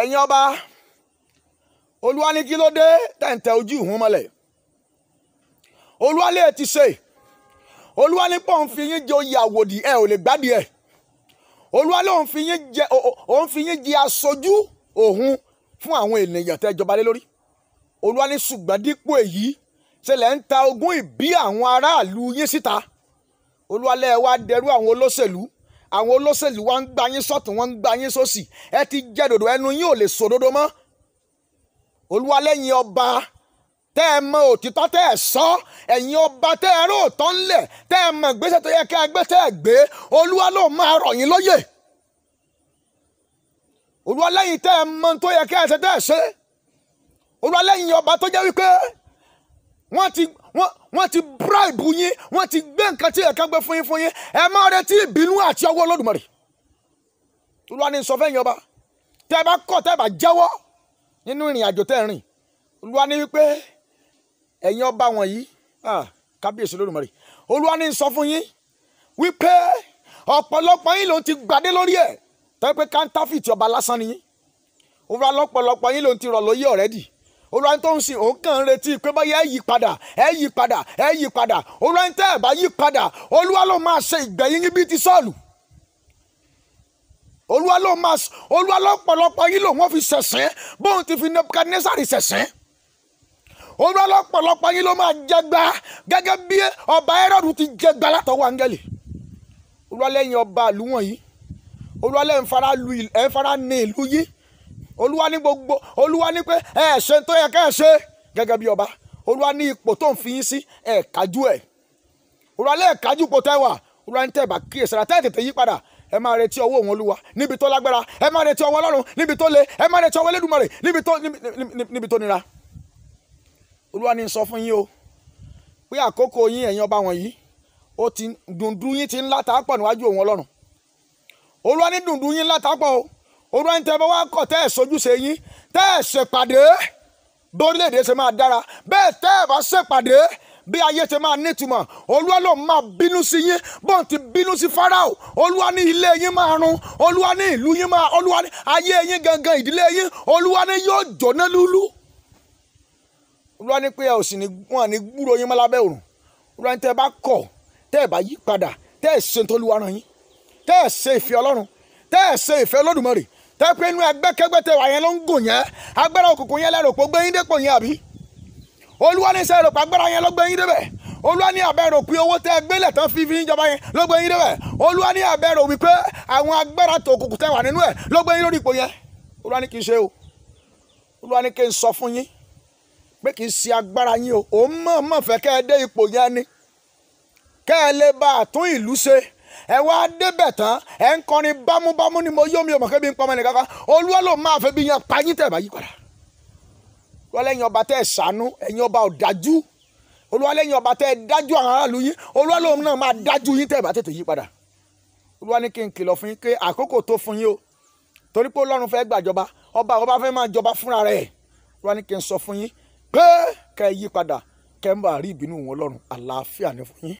ẹ̀yin ọba olúwa ní kí ló dé tẹ̀ǹtẹ̀ ojú ìhun mọ́lẹ̀ olúwa lè ti ṣe olúwa ní pọ̀ ń fi yín jẹ oyè àwòdì ẹ ò lè gbádìí ẹ olúwa ló ń fi yín jẹ aṣojú òun fún àwọn ènìyàn tẹ́ jọba lé lórí olúwa ní ṣùgbọ́n dípò èyí ṣẹlẹ̀ ń ta ogún ìbí àwọn aráàlú yín síta olúwa lẹ́ẹ̀ wá dẹrú àwọn olóṣèlú àwọn olóṣèlú wa ń gbá yín sọ́tún wọ́n ń gbá yín sósì ẹ ti jẹ́ dòdò ẹnu yín ò lè sòdodo mọ́ olúwa lẹ́yìn ọba tẹ́ ẹ mọ òtítọ́ tẹ́ ẹ sọ ẹ̀yin ọba tẹ́ ẹ róòtọ́ ńlẹ̀ tẹ́ ẹ mọ ìgbésẹ̀ tó yẹ kí ẹ gbé tẹ́ ẹ gbé olúwa ló máa rọ̀ yín lóyè olúwa lẹ́yìn tẹ́ ẹ mọ tó yẹ kí ẹ ṣe tẹ́ ẹ ṣe olúwa lẹ́yìn ọba tó jẹ́ wípé wọ́n ti wọ́n wọ́n ti bribe yín wọ́n ti gbé nǹkan tí ẹ̀ka gbé fún yín fún yín ẹ má retí ìbínú àti ọwọ́ Olódùmarè Olúwa ní sọ fẹ́yìn ọba tẹ́ ẹ bá kọ̀ tẹ́ ẹ bá jẹ́wọ́ nínú ìrìn àjò tẹ́ ẹ rìn Olúwa ní wípé ẹ̀yin ọba wọ̀nyí kábíyèsí Olódùmarè Olúwa ní sọ fún yín wípé ọ̀pọ̀lọpọ̀ yín ló ti gbàdé lórí ẹ̀ tẹ́ pé káńtáfìtì ọba lásán ni yín òwúrọ̀ lọ́pọ̀lọpọ̀ yín ló ti rọ̀ lóyè ọ̀rẹ́dì olúwa tó ń sìn òun kàn ń retí pé báyà ẹ yí padà ẹ yí padà ẹ yí padà olúwa tẹ́ ẹ bá yí padà olúwa ló máa ṣe ìgbẹ̀yìn yín bíi ti sọ́ọ̀lù olúwa ló máa olúwa lọ́pọ̀lọpọ̀ yín lòun fi ṣẹ̀sìn bóun ti fi nebukadnesari ṣẹ̀sìn olúwa lọ́pọ̀lọpọ̀ yín ló máa jẹgba gẹ́gẹ́ bí ọba ẹrọ́dù ti jẹgba látọwọ́ áńgẹ́lì olúwa lẹ́yìn ọba ìlú wọ̀nyí olúwa lẹ́yìn fara ní ìlú yìí olúwa ní gbogbo olúwa ní pé ẹ ṣe tó yẹ ká ẹ ṣe gẹgẹ bí ọba olúwa ní ipò tó ń fi yín sí ẹ kájú ẹ olúwa lẹ kájú ipò olúwa ní tẹ́ bá kíyèsára tẹ́ ẹ tètè yí padà ẹ máa retí ọwọ́ òun olúwa níbi tó lágbára ẹ máa nira olúwa ní o pé àkókò yín ẹ̀yin ọba wọ̀nyí ó ti dùndún yín ti ńlá níwájú òun ọlọ́run olúwa ní olúwa ní tẹ́lẹ̀ wá kọ̀ tẹ́ ẹ̀ sojúṣe yín tẹ́ ẹ̀ ṣèpàdé bí orílẹ̀-èdè ṣe máa dára bẹ́ẹ̀ tẹ́ ẹ̀ bá ṣèpàdé bí ayé ṣe máa nítumọ̀ olúwa ló máa bínú sí yín bó ń ti bínú sí farao olúwa ní ilé yín máa run olúwa ní ìlú yín máa olúwa ní ayé yín gangan ìdílé yín olúwa ní yóò jóná lúlú olúwa ní pé ò sì ní wọn ní gbúrò yín mọ́ lábẹ́ òrùn olúwa ní tẹ́ ẹ bá kọ̀ tẹ́ ẹ bá yí padà tẹ́ ẹ ṣe tó olúwa rán yín tẹ́ ẹ ṣe ìfẹ́ ọlọ́run tẹ́ ẹ ṣe ìfẹ́ olódùmarè tẹ́pẹ́ inú ẹgbẹ́kẹ́gbẹ́ tẹ wà yẹn ló ń gùn yẹn agbára òkùnkùn yẹn lẹ́rọ pé ó gbé yín dépò yẹn àbí olúwa ní sẹ́rọ̀ pé agbára yẹn ló gbé yín débẹ̀ olúwa ní àbẹ̀rò pé owó tẹ́ gbélẹ̀ tán fífi ń jọba yẹn ló gbé yín débẹ̀ olúwa ní àbẹ̀rò wípé àwọn agbára tó òkùnkùn tẹ́ wà nínú ẹ̀ ló gbé yín lórí ipò yẹn olúwa ní kì í ṣe o olúwa ní kí n sọ fún yín pé kì í ṣe agbára yín o òun mọ̀ọ́mọ̀ fẹ́ kẹ́ ẹ dé ipò yẹn ni kẹ́ ẹ lè bá àtún ìlú ṣe ẹ wá débẹ̀ tán ẹ ń kọrin bámúbámú ni mo yóò mi ò mọ̀ kébi ń pọ́nmọ́ ẹnì kankan olúwa ló máa fẹ́ bí yan payín tẹ̀ bá yí padà olúwa lẹ́yìn ọba tẹ́ ẹ ṣàánú ẹ̀yin ọba ò dájú olúwa lẹ́yìn ọba tẹ́ ẹ dájú àwọn aráàlú yín olúwa lóun náà máa dájú yín tẹ̀ bá tètè yí padà olúwa ní kí n kìlọ̀ fún yín pé àkókò tó fún yín o torí pé ọlọ́run fẹ́ gbàjọba ọba àwọn fẹ́ máa jọba fúnra rẹ̀ olúwa ní kí n sọ fún yín pé kẹ́ ẹ yí padà kẹ́ ń bá rí ìbínú wọn ọlọ́run àlàáfíà ní fún yín.